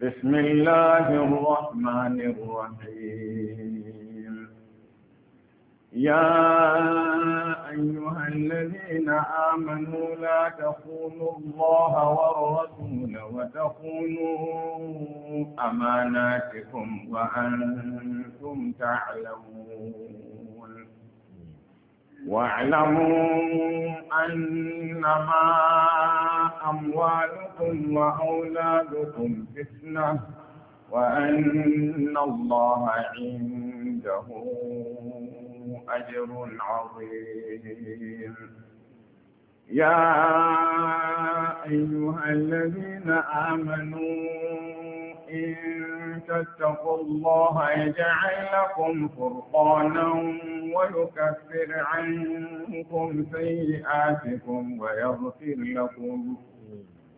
بسم الله الرحمن الرحيم يا أيها الذين آمنوا لا تخونوا الله والرسول وتخونوا أماناتكم وأنتم تعلمون واعلموا أنما أموالكم وأولادكم فتنة وأن الله عنده أجر عظيم يا أيها الذين آمنوا إن تتقوا الله يجعل لكم فرقانا ويكفر عنكم سيئاتكم ويغفر لكم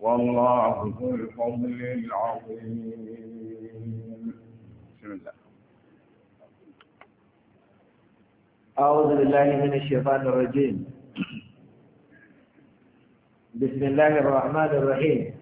والله ذو الفضل العظيم بسم الله أعوذ بالله من الشيطان الرجيم بسم الله الرحمن الرحيم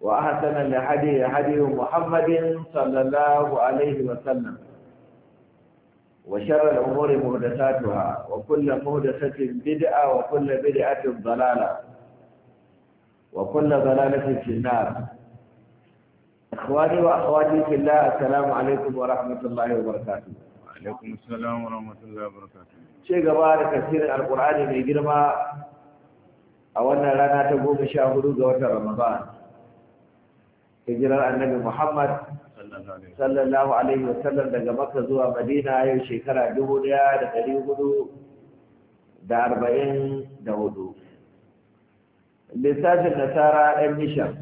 وأحسن الهدي هدي محمد صلى الله عليه وسلم وشر الأمور مهدساتها وكل مهدسة بدعة وكل بدعة ضلالة وكل ضلالة في النار إخواني وأخواتي في الله السلام عليكم ورحمة الله وبركاته وعليكم السلام ورحمة الله وبركاته شيء قبار كثير القرآن من جرمى أولنا لنا تقوم شاهدوك قوة رمضان hijirar annabi Muhammad sallallahu alaihi wa sallam daga Makka zuwa Madina yau shekara dubu ɗaya da dari hudu da arba'in da hudu. Lissafin Nasara ɗan Mishan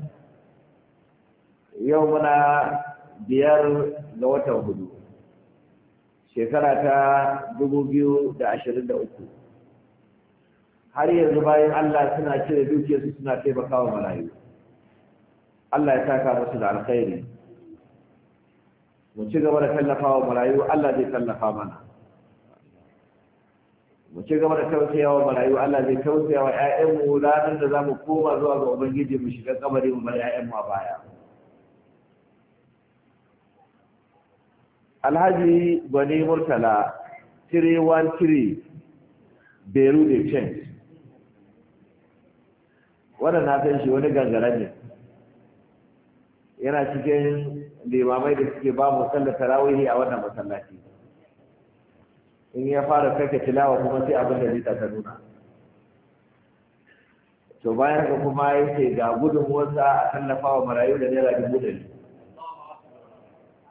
yau muna biyar ga watan hudu shekara ta dubu biyu da ashirin da uku. Har yanzu bayan Allah suna cire dukiyarsu suna taimakawa marayu. Allah ya taka musu da alkhairi mu ci gaba da tallafawa marayu Allah zai tallafa mana mu ci gaba da tausayawa marayu Allah zai tausayawa ƴaƴanmu ranar da za mu koma zuwa ga ubangiji mu shiga kabari mu bar ƴaƴanmu a baya Alhaji Gwani Murtala 313 Beirut Exchange wannan na san shi wani gangaren ne yana cikin limamai da suke ba mu sallar tarawihi a wannan masallaci in ya fara karka tilawa kuma sai abin da zai ta nuna to bayan da kuma yake ga wasa a tallafa wa marayu da naira dubu ɗari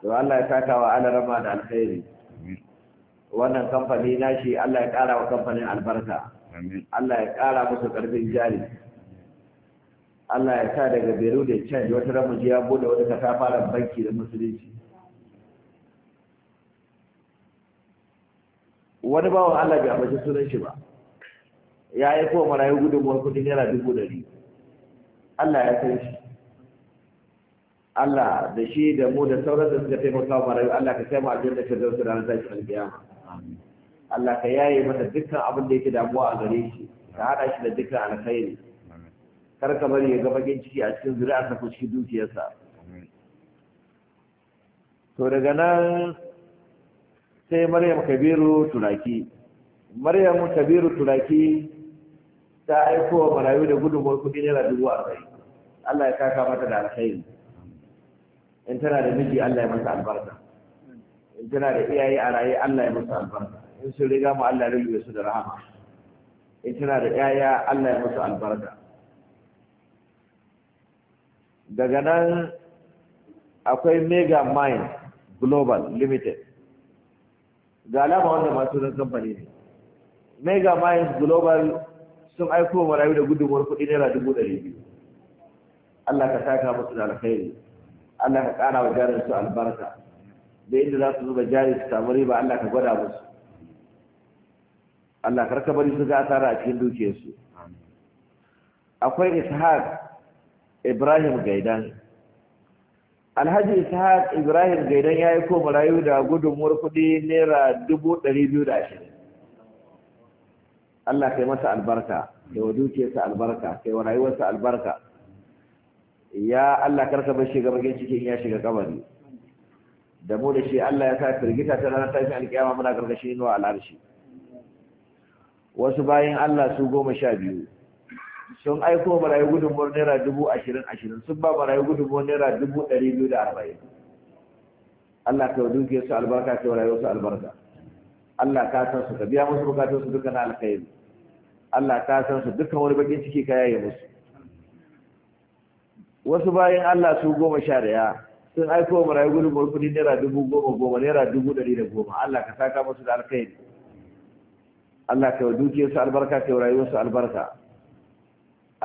to Allah ya saka wa alarama da alkhairi wannan kamfani nashi Allah ya ƙara wa kamfanin albarka Allah ya ƙara musu ƙarfin jari Allah ya sa daga Beirut da Chad wata ramuji ya bude wata fara banki da musulunci wani bawan Allah bai ambaci sunan shi ba ya yi kowa marayu gudunmuwar kudin yana dubu ɗari Allah ya san shi Allah da shi da mu da sauran da suka taimaka wa marayu Allah ka kai mu aljanna ka su ranar tashin alƙiyama Allah ka yaye mata dukkan abin da yake damuwa a gare shi ka haɗa shi da dukkan alkhairi kar ka bari ya ga bakin ciki a cikin ta ko cikin dukiyarsa to daga nan sai maryam kabiru turaki maryam kabiru turaki ta aiko wa marayu da gudunmuwar kuɗi naira dubu arba'in allah ya kaka mata da alkhairi in tana da miji allah ya masa albarka in tana da iyaye a raye allah ya masa albarka in sun riga mu allah ya rubuta su da rahama in tana da 'ya'ya allah ya masa albarka daga nan akwai mega mine global limited ga alama wanda masu ran kamfani ne mega mine global sun aiko marayu da gudunmuwar kudi naira dubu ɗari biyu allah ka saka musu da alkhairi allah ka ƙara wa jarin su albarka da inda za su zuba jari su samu riba allah ka gwada musu allah karka bari su ga asara a cikin dukiyarsu akwai ishaq ibrahim gaidan alhaji ishaq ibrahim gaidan ya yi ko marayu da gudunmuwar kudi naira dubu biyu da allah kai masa albarka kai wa sa albarka kai wa rayuwarsa albarka ya allah karka bar shiga bakin cikin ya shiga kabari da mu da shi allah ya sa firgita ta ranar tashin alkiyama muna karkashin inuwa al'arshi wasu bayan allah su goma sha biyu sun aiko marayu gudunmuwar naira dubu ashirin ashirin sun ba marayu gudunmuwar naira dubu ɗari biyu da arba'in Allah ka duke su albarka ka marayu su albarka Allah ka san su ka biya musu bukatun su dukkan alkhairi Allah ka san su dukkan wani bakin ciki ka yaye musu wasu bayan Allah su goma sha daya sun aiko marayu gudunmuwar kudi naira dubu goma goma naira dubu ɗari da goma Allah ka saka musu da alkhairi Allah ka duke su albarka ka rayuwar su albarka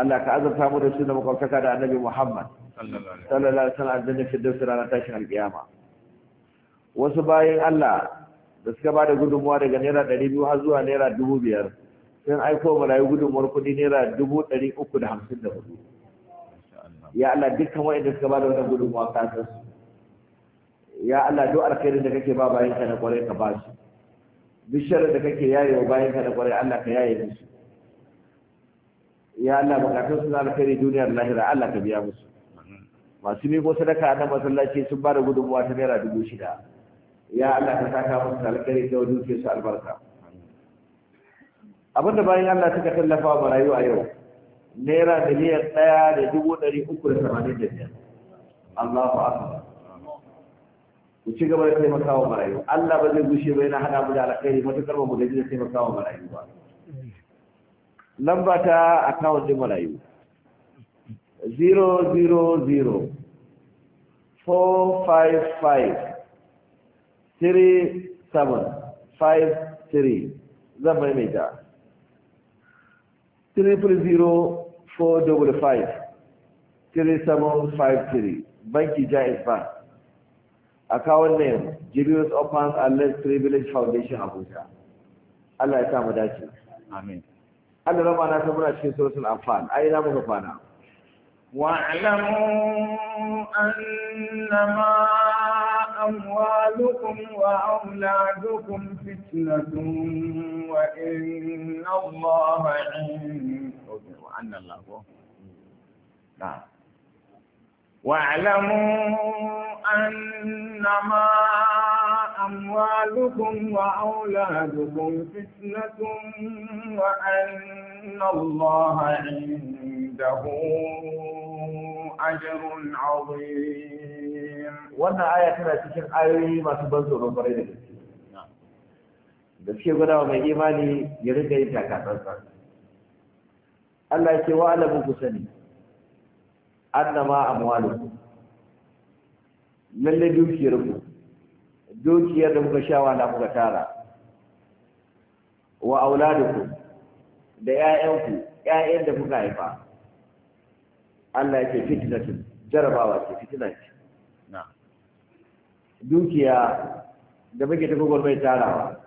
Allah ka azurta mu da su da makwabtaka da annabi Muhammad sallallahu alaihi wasallam aljanna fi dawsi ranar tashin alqiyama wasu bayan Allah da suka bada gudunmuwa daga naira 200 har zuwa naira biyar sun aiko marayu gudunmuwar kudi naira 354 ya Allah dukkan waɗanda suka bada wannan gudunmuwa ka san su ya Allah duk alkhairin da kake ba bayan ka na kwarai ka ba su duk da kake yayewa wa ka na kwarai Allah ka yaye musu ya Allah bukatun su na duniya duniyar lahira Allah ka biya musu masu ko sadaka na masallaci sun ba da gudunmuwa ta naira dubu shida ya Allah ka saka musu alkhairi da wajen su albarka abin da bayan Allah suka tallafa wa marayu a yau naira miliyan ɗaya da dubu ɗari uku da tamanin da biyar Allahu akbar ku ci gaba da taimakawa marayu Allah ba zai gushe bai na hada mu da alkhairi matukar ba mu gaji da taimakawa marayu ba lamba ta account din marayu 000 455 3753 zan maimaita 3004553 banki is bank account name jibius opens and less privilege foundation abuja allah ya samu dace amin Allah raba na ta muna cikin suratul anfal ayi na muka fana wa alamu annama أموالكم وأولادكم فتنة وإن الله وأن الله أموالكم وأولادكم فتنة وأن الله عنده أجر عظيم وانا آية كما تكون آية ما تبنزل وبريد da suke gwada wa mai imani ya rika yin takatsantsan Allah ya wa alamu ku sani annama amwalukum lalle dukiyar ku dukiyar da muka sha da kuka tara wa auladukum da ƴaƴanku ƴaƴan da kuka haifa Allah yake fitnatun jarabawa ce fitina ce dukiya da muke tafi mai tarawa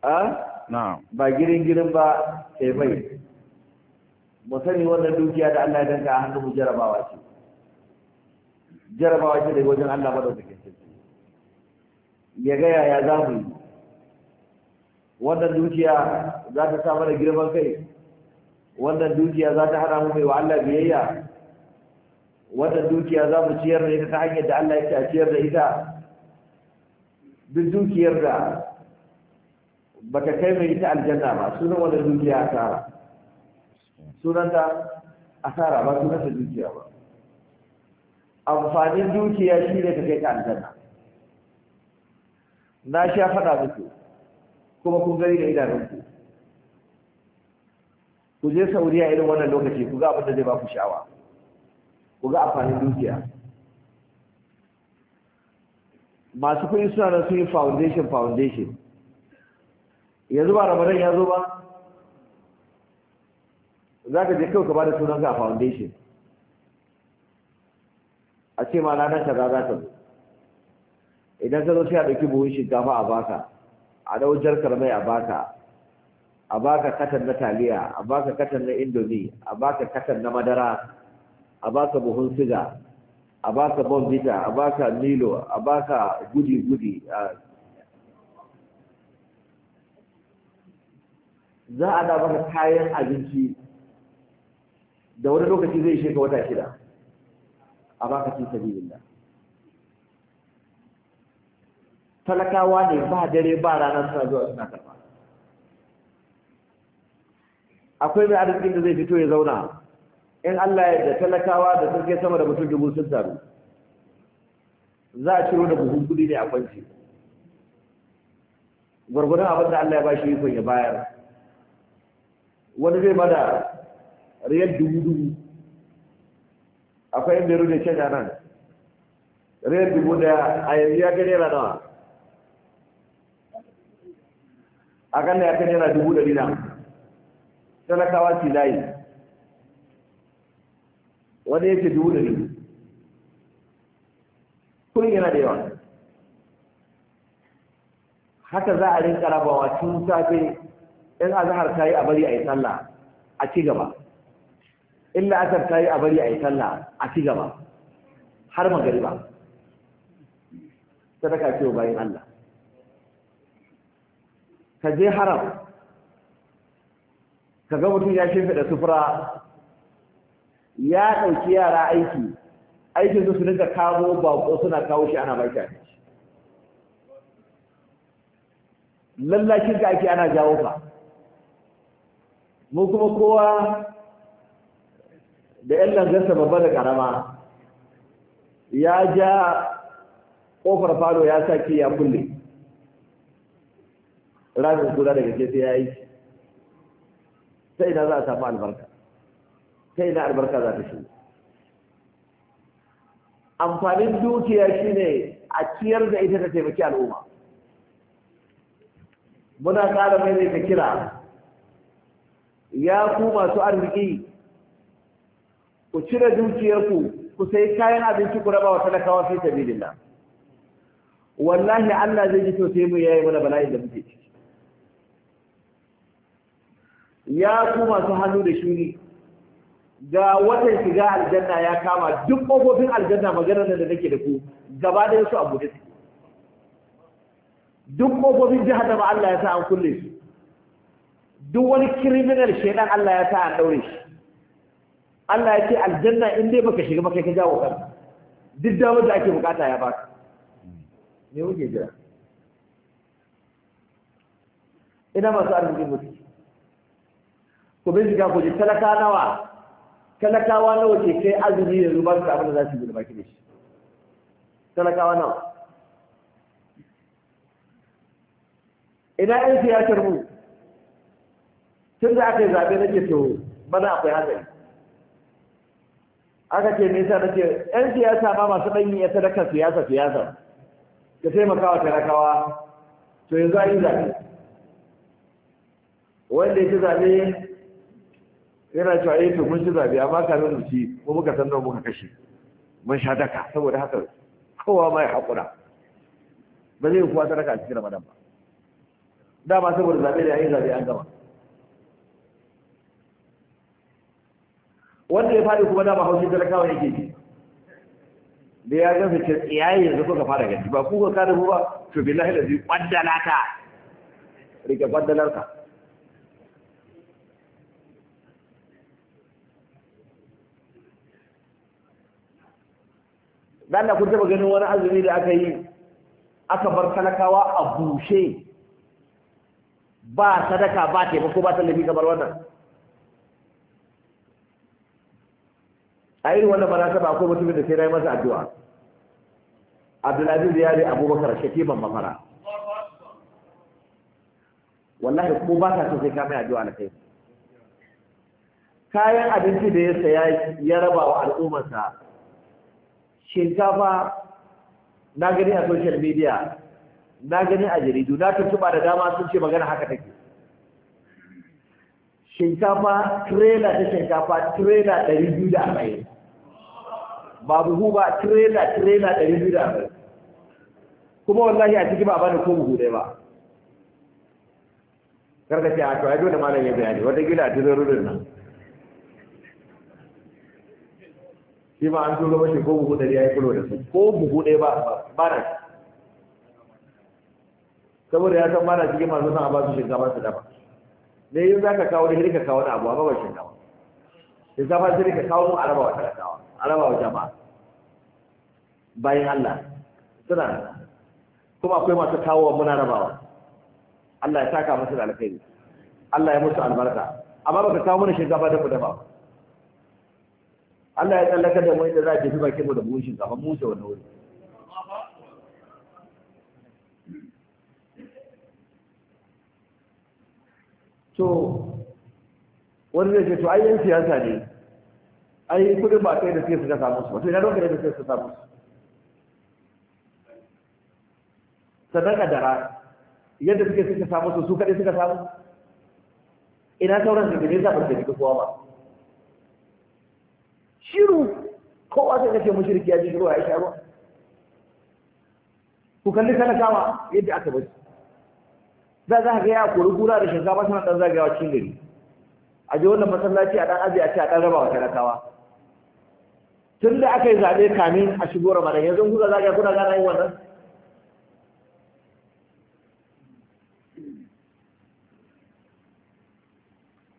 a ba girin girin ba sai bai mu sani wannan dukiya da Allah ya danka a hannun jarabawa ce jarabawa ce daga wajen Allah madaukakin sarki ya gaya ya za mu yi wannan dukiya za ta sa mana girman kai wannan dukiya za ta hana mu mai wa Allah biyayya wannan dukiya za mu ciyar da ita ta hanyar da Allah ce a ciyar da ita duk dukiyar da baka kai mai ita aljanna ba sunan wannan dukiya asara sunan ta asara ba sunan ta dukiya ba amfanin dukiya shi ne ka kai ta aljanna na sha faɗa muku kuma kun gani da idanunku ku je sauriya irin wannan lokaci ku ga abin da zai ba ku sha'awa ku ga amfanin dukiya masu kuɗi suna nan sun yi foundation foundation yanzu ba ramadan ya zo ba za ka je kawai ka ba da sunanka a foundation a ce ma ranar kaza za ta zo idan ka zo sai a ɗauki buhun shinkafa a baka a dau jarkar mai a baka a baka katan na taliya a baka katan na indomi a baka katan na madara a baka buhun siga a baka bombita a baka milo a baka gudi-gudi za a da baka kayan abinci da wani lokaci zai sheka wata shida a baka cin sabi talakawa ne ba dare ba ranar suna zuwa suna karɓa akwai mai arzikin da zai fito ya zauna in Allah ya da talakawa da sun kai sama da mutum dubu sun taru za a ciro da buhun kudi ne a kwanci gwargwadon abin da Allah ya ba shi ikon ya bayar wani zai bada riyal dubu dubu akwai yin ya da canja nan riyal dubu daya a yanzu ya gani yana nawa akalla ya kan yana dubu ɗari na talakawa ci layi wanda ya ce dubu ɗari kun yana da yawa haka za a rinka rabawa tun safe in azahar ta yi a bari a yi sallah a ci gaba illa asar ta yi a bari a yi sallah a ci gaba har magariba sadaka ce wa bayan Allah ka je haram ka ga mutum ya da sufura ya ɗauki yara aiki aikin su su kawo kawo baƙo suna kawo shi ana baki abinci lallakin ka ake ana jawo ka mu kuma kowa da yan langarsa babba da ƙarama ya ja ƙofar falo ya sa ya kulle ranar guda daga ke sai ya yi Sai na za a samu albarka sai na albarka za ta shiga amfanin dukiya shine a ciyar da ita ta taimaki al'umma muna ƙara mai ne ta kira ya ku masu arziki ku cire dukiyarku ku sai kayan abinci ku raba wa talakawa fi sabilillah wallahi Allah zai ji sai mu yayi mana bala'i da muke ci ya ku masu hannu da shuni ga watan shiga aljanna ya kama duk ƙofofin aljanna maganar da nake da ku gaba da su a da suke duk ƙofofin jahannama Allah ya sa an kulle su duk wani kiriminal shaidan Allah ya sa an daure shi Allah ya ce aljanna in dai baka shiga baka ka jawo kan duk damar da ake bukata ya baka me muke jira ina masu arziki mutu ku bincika shiga kuje talaka nawa talakawa nawa ke kai azumi yanzu ba su da abin da za su yi da baki da shi talakawa nawa ina yan siyasar mu tun da aka yi zaɓe nake to bana akwai hatsari aka ce nisa na ce yan siyasa ma masu ɗanyi ya talaka siyasa siyasa ka taimakawa wa talakawa to yanzu a yi zaɓe wanda ya ci zaɓe yana cewa yi eh, to mun ci zaɓe, amma ka mu ci ko muka san nawa muka kashe mun sha daka saboda haka kowa mai hakura ba zai kuwa daka a cikin ramadan ba dama saboda zaɓe da yayin zaɓe an gama wanda ya faɗi kuma dama haushin talakawa yake ji da ya gasa ce tsiyayi yanzu kuka fara gani ba kuka kada ba to lahi da zai kwaddalata rike kwaddalarka dan da kun taba ganin wani azumi da aka yi aka bar talakawa a bushe ba sadaka ba ko ba tallafi kamar wannan a irin wannan saba akwai mutumin da sai na yi masa addu'a abdulaziz ya ne abubakar shakiman mafara wallahi ko ba ka so sai ka mai addu'a na kai kayan abinci da ya saya ya raba wa al'ummarsa shinkafa na gani a social media na gani a jaridu na tuntuba da dama sun ce magana haka take shinkafa trailer ta shinkafa trailer ɗari biyu da arba'in ba buhu ba trailer trailer ɗari biyu da arba'in kuma wallahi a ciki ba bani ko buhu dai ba karkace a to ai dole malam ya bayani wata gila a tuzo rudin nan shi ma an tura mashi ko buhu ɗari ya yi kulo da su ko buhu ɗaya ba ba na shi saboda ya san ba na cikin masu san a ba su shinkafa su dafa ne yin za ka kawo da ka kawo da abu amma ba shinkafa shinkafa sai rika kawo mu araba wa talakawa araba wa jama'a bayan Allah suna kuma akwai masu kawo muna rabawa Allah ya taka musu da alkhairi Allah ya musu albarka amma baka kawo mana shinkafa da ku dafa ba Allah ya tsallaka da mai da za a tafi bakin mu da bushin kafa mu wuce wani wuri to wani zai ce to ai yan siyasa ne ai kudin ba kai da sai suka samu su ba to ina don da sai suka samu su sadaka dara yadda suke suka samu su su kaɗai suka samu ina sauran da ne zaɓar da kowa ba shiru kowa sai kace mushriki ya ji shiru ya sha ruwa ku kalli kama yadda aka bari za za ka ya kori gura da shinkafa suna dan zagayawa cikin gari a je wannan masallaci a dan aje a ce a dan rabawa talakawa tun da aka yi zaɓe kamin a shigo ramadan yanzu kuka zagaya kuna gana yin wannan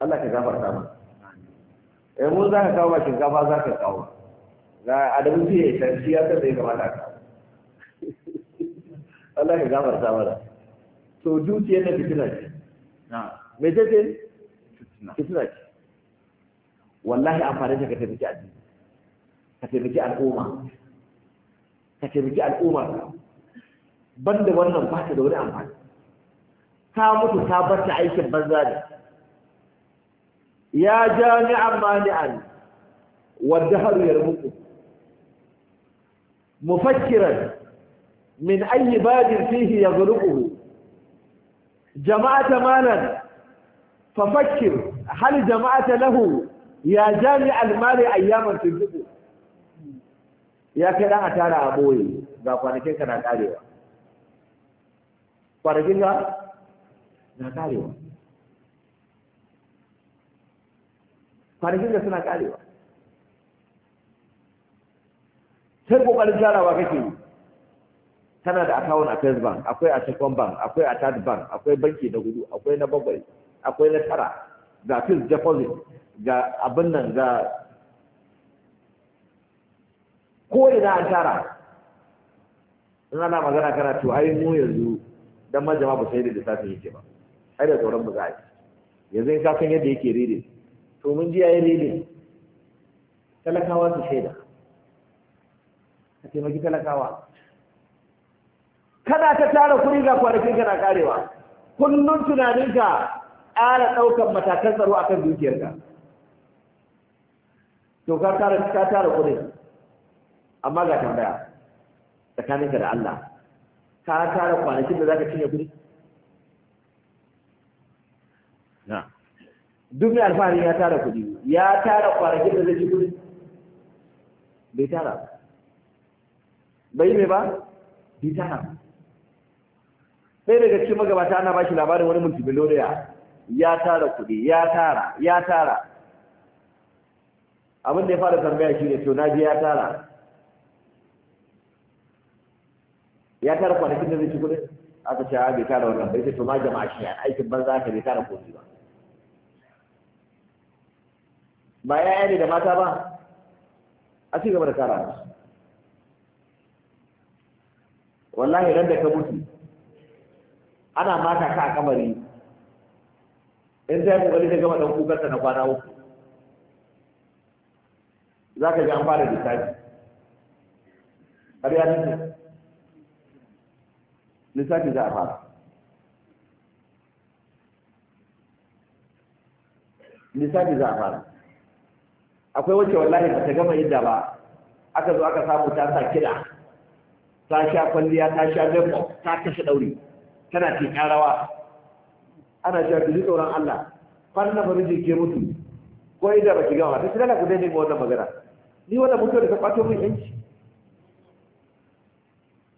Allah ka gafarta mana eh mun za ka kawo ba shinkafa za ka kawo na adamu ya yi shi ya san da ya kamata ka Allah ka ta mana to dukiyar da fitina ce me ce ce fitina ce wallahi amfani da ka taimaki addini ka taimaki al'umma ka taimaki al'umma banda wannan ba ta da wani amfani ka mutu ka bar ta aikin banza ne ya jami'an mani'an wadda haruyar muku mufakiran min ayi badin fihi ya zurukuhu jama'ata malan fafakir hal jama'ata lahu ya jami'an mali ayyaman tuntuku ya kai ɗan a tara a ɓoye ga kwanakin ka na ƙarewa kwanakin na ƙarewa kwanakin da suna karewa sai kokarin jarawa kake yi tana da akawun a first bank akwai a second bank akwai a third bank akwai banki na hudu akwai na bakwai akwai na tara ga fixed deposit ga abin nan ga ko ina an tara in ana magana kana to ai mu yanzu dan majama ba sai da lissafi yake ba ai da tsoron mu za a yi yanzu in ka san yadda yake rere to mun ji yayin rede talakawa su shaida ka taimaki talakawa kana ta tara kuɗi ga kwanakin kana karewa kullum tunaninka ƙara ɗaukar matakan tsaro akan dukiyarka to ka tara ka tara kuɗin amma ga tambaya tsakaninka da Allah ka tara kwanakin da zaka cinye kuɗi duk mai alfahari ya tara kuɗi ya tara kwanakin da zai ci kuɗi bai tara bai mai ba bai tara sai daga cikin magabata ana ba shi labarin wani multibiloriya ya tara kuɗi ya tara ya tara abin da ya fara tambaya shi ne to na je ya tara ya tara kwanakin da zai ci kuɗi aka ce bai tara wannan bai ce to ma jama'a shi aikin banza ka bai tara kuɗi ba ba ya'ya ne da mata ba a ci gaba da kara musu wallahi ran da ka mutu ana mata ka a kamari in ta yi kokari ta gama ɗan kukarta na kwana uku za ka ji an fara lissafi har ya nuna lissafi za a fara lissafi za a fara akwai wacce wallahi ba ta gama yadda ba aka zo aka samu ta sa kida ta sha kwalliya ta sha gaba ta kashe ɗauri tana ce rawa ana sha ku ji tsoron Allah kwan na farji ke mutu ko idan ba ki gama ta tsira ku daina wannan magana ni wannan mutu da ta kwato min yanci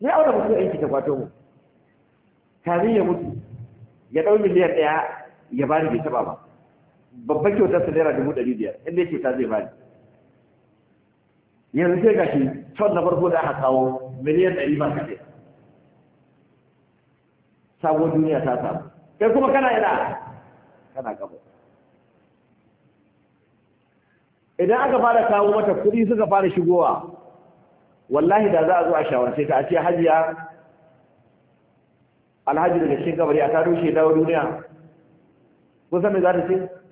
ni aure da yanci ta kwato mu kamin ya mutu ya ɗau miliyan ɗaya ya bani bai taɓa ba babban kyautar sa naira dubu ɗari biyar in dai kyauta zai bani yanzu sai gashi ton na farko da aka kawo miliyan ɗari ba kaɗai sabon duniya ta samu kai kuma kana ina kana gaba idan aka fara kawo mata kuɗi suka fara shigowa wallahi da za a zo a shawarce ta a ce hajiya alhaji daga cikin kabari a taro shi dawo duniya kusan me za ta ce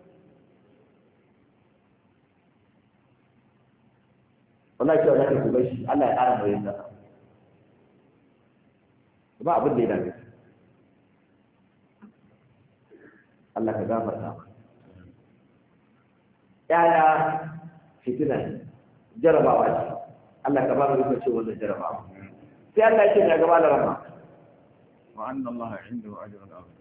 wallahi cewa za ka ku bar shi Allah ya ƙara mai yadda ba abin da ya dame Allah ka gafarta ma yaya fitina ne jarabawa ce Allah ka ba mu rubuce wannan jarabawa sai Allah ya ce na gaba da rama wa anna Allah indahu ajrun azim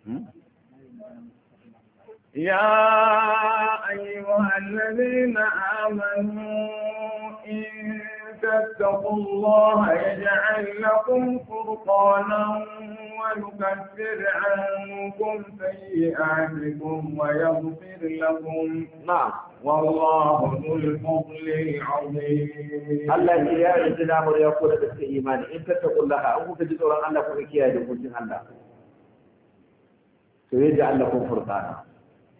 Hmm? يا أيها الذين آمنوا إن تتقوا الله يجعل لكم فرقانا ويكفر عنكم سيئاتكم ويغفر لكم نعم والله ذو الفضل العظيم الله يا الإسلام يقول لك إيمان إن تتقوا الله أو تجدوا أن لكم إكياد وجه الله سيجعل لكم فرقانا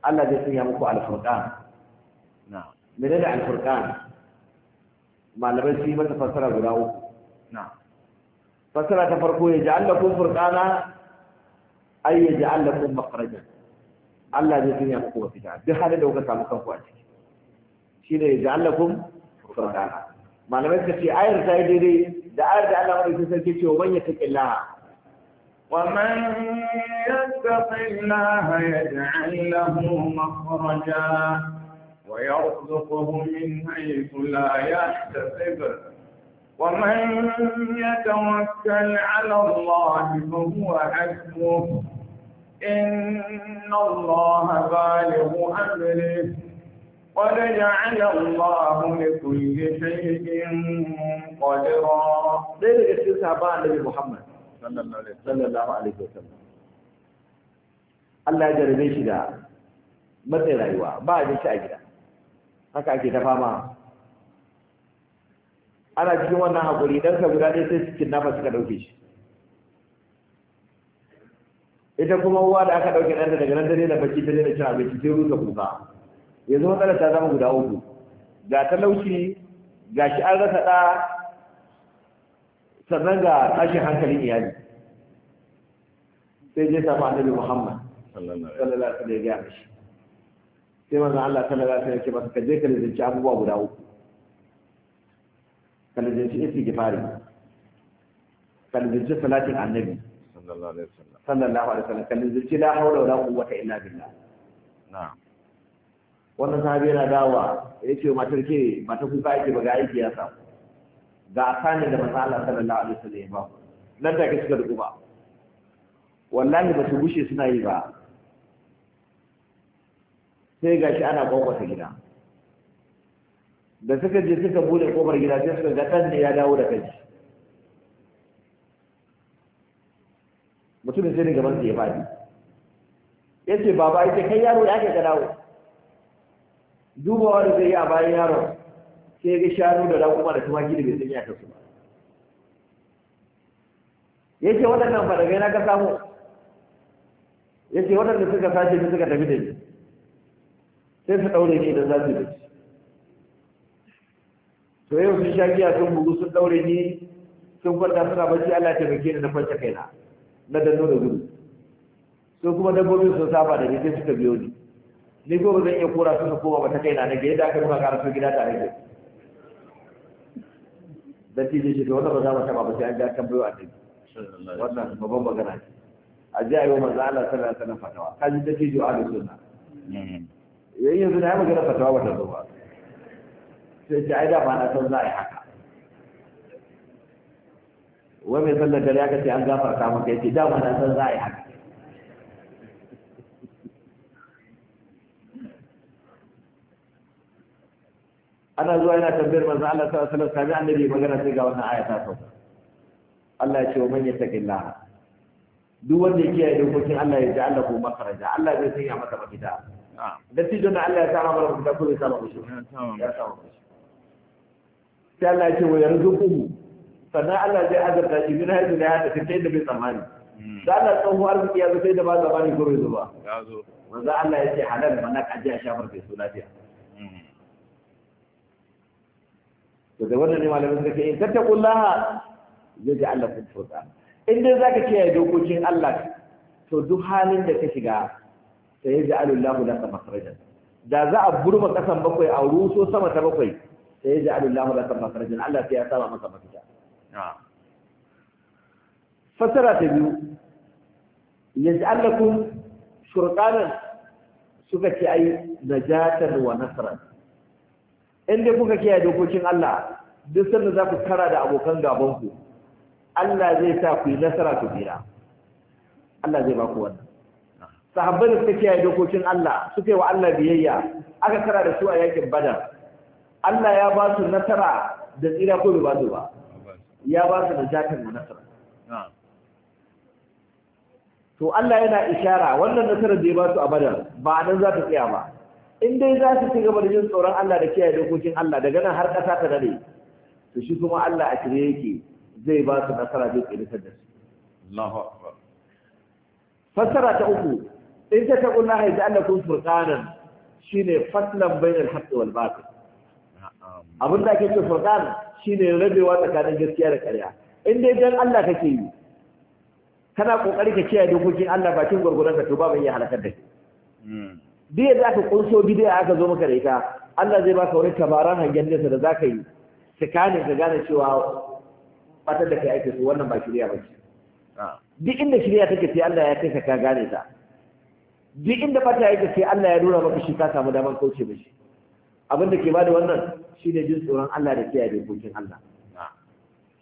Allah zai sanya muku alfurkan, na da alfurkan, malamai su yi mata fassara guda uku na fassara ta farko ya ji Allah kun furkana, ai ya ji Allah kun makharaja Allah zai sanya muku mafita duk halin da kuka samu kanku a ciki shi ne ya ji Allah kun furkana. malamai suka ce ayar ta yi daidai da ayar da Allah sun sarki ce wa ta yattaqillaha ومن يتق الله يجعل له مخرجا ويرزقه من حيث لا يحتسب ومن يتوكل على الله فهو حسبه إن الله بالغ أمره قد جعل الله لكل شيء قدرا. ليه الاستثناء النبي محمد؟ sallallahu alaihi wasallam Allah ya jarabe shi da matsayin rayuwa ba a shi a gida haka ake ta fama ana cikin wannan haƙuri ɗansa guda ne sai cikin nafa suka dauke shi ita kuma uwa da aka ɗauke ɗanta daga nan dare da baki dare da cin abinci sai rusa kuka yanzu matsalar ta zama guda uku ga talauci ga shi an rasa ɗa sannan ga tashin hankalin iyali sai je samu annabi muhammad sallallahu alaihi wasallam ya shi sai manzon Allah sallallahu alaihi wasallam ya ce ka je ka lizinci abubuwa guda uku ka lizinci istighfari ka lizinci salatin annabi sallallahu alaihi wasallam ka lizinci la hawla wala quwwata illa billah na'am wannan sahabi yana dawa ya ce matar ke mata kuka yake ba ga aiki ya samu ga asani da manzo Allah sallallahu alaihi wasallam ya ba nan da suka dubu ba wallahi ba su gushe suna yi ba sai ga shi ana kwakwata gida da suka je suka bude kofar gida sai suka ga ɗan ne ya dawo da kai mutumin sai ne gaban da ya bani. ya ce baba ya kai yaro ya ke ka dawo dubawa da zai yi a bayan yaron sai ga shanu da raƙuma da tumaki da bai san iyakar su ba yace waɗannan fadagai na ka samu ce waɗanda suka sace ni suka tafi da ni sai su ɗaure ni da za su da to yau sun sha giya sun bugu sun ɗaure ni sun kwanta suna bacci Allah ya taimake ni na kwanta kaina na da da gudu su kuma dabbobi sun saba da ni sai suka biyo ni ni ko zan iya kora su na koma ba ta kaina na ga yadda aka rufa ƙarfin gida tare da ni da zai shi da wanda ba za mu taba ba sai an ga tambayo a dai wannan babban magana ce a ji ayo manzo Allah sallallahu alaihi wasallam fatawa kan da tije a da sunna mm-hmm. yayin yanzu da magana fatawa ba ta zo ba sai ce yi da ba na san za a yi haka wai mai sallar dare ya kace an gafarta maka yace da ba na san za a yi haka ana zuwa yana tambayar manzo Allah sallallahu alaihi wasallam kamin annabi magana sai ga wannan aya ta sauka Allah ya ce wa man yattaqillah duk wanda yake yi dokokin Allah ya ji Allah ko makaraja Allah zai sanya masa mafita da tijo na Allah ya tara mana mafita ko ya tara mu shi ya tara sai Allah ya ce wa yarzuquhu sannan Allah zai azurta shi min haizu da ya hada ta da bai tsammani hmm. da Allah tsohon arziki ya zo sai da ba tsammani ko bai zo ba manzo Allah ya ce halal mana ajiya a shafar bai so lafiya to da wannan ne malamin suka ce in tattaqullaha zai ji Allah kun furta in dai zaka kiyaye dokokin Allah to duk halin da ka shiga sai ya ji alullahu ta makharajan da za a burma kasan bakwai a ruso sama ta bakwai sai ya ji alullahu ta makharajan Allah sai ya saba maka mafita fasara ta biyu yaj'al lakum shurqanan suka ce ai najatan wa nasran in dai kuka kiyaye dokokin Allah duk sanda za ku kara da abokan gabanku Allah zai sa ku yi nasara ku tsira Allah zai ba ku wannan sahabbai da suka kiyaye dokokin Allah suka yi wa Allah biyayya aka kara da su a yakin badar Allah ya ba su nasara da tsira ko bai ba su ba ya ba su najatan da nasara to Allah yana ishara wannan nasarar da ya ba su a badar ba nan za ta tsaya ba in dai za su ci gaba da jin tsoron Allah da kiyaye dokokin Allah daga nan har ƙasa ta dare to shi kuma Allah a cire yake zai ba su nasara zai tsiritar da su Allahu akbar fassara ta uku in ta taqul na ilaha Allah kun furqanan shine faslan bainal haqqi wal batil abin da ake ce furqan shine rabewa tsakanin gaskiya da ƙarya in dai dan Allah kake yi kana kokari ka kiyaye dokokin Allah bakin gurgurdan ka to ba bai halakar da kai hmm. duk za ka kunso bidiya aka zo maka da ita Allah zai baka wani tabaran hangen nesa da ka yi tsakanin ka gane cewa fatar da kai ake su, wannan ba shirya ba ce ah. duk inda shirya take sai Allah ya kai ka ka gane ta duk inda fata yake sai Allah ya nuna maka shi ka samu daman kauce mishi abin da ke bada wannan shine jin tsoron Allah da kiyaye dokokin Allah ah.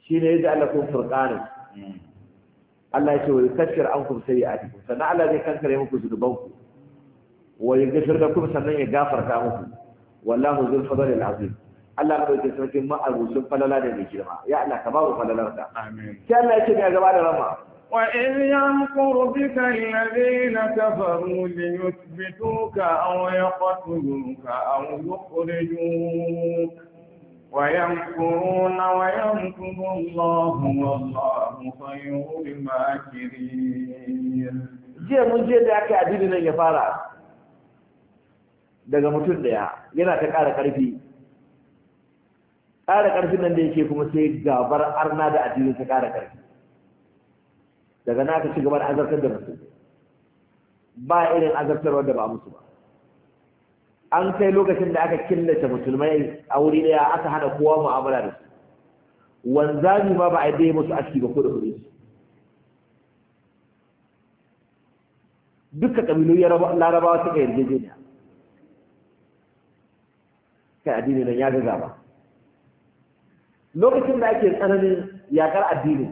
shine yadda Allah ko furqanin hmm. Allah ya ce wa yukaffir ankum sayi'atikum sannan Allah zai kankare muku zunubanku wa yaghfir lakum sannan ya gafarta muku wallahu zul fadl al azim sarkin ma'arusun falala da mai girma ya Allah ka ba mu falalarka amin sai Allah ya ga gaba da rama وإذ يمكر بك الذين كفروا wa أو يقتلوك أو يخرجوك ويمكرون ويمكر الله والله mun je جيم جيم يا كعبين ya fara. daga mutum daya yana ta ƙara ƙarfi ƙara ƙarfin nan da yake kuma sai gabar arna da addini ta ƙara ƙarfi daga na ka ci gaba da azartar da mutum ba irin azartarwar da ba musu ba an kai lokacin da aka killace musulmai a wuri daya aka hana kowa mu'amala da su wanzami ma ba a dai musu aski ba ko da kuɗi duka ƙabilu larabawa suka yarjejeniya kai addini nan ya gaza ba lokacin da ake tsananin yakar addini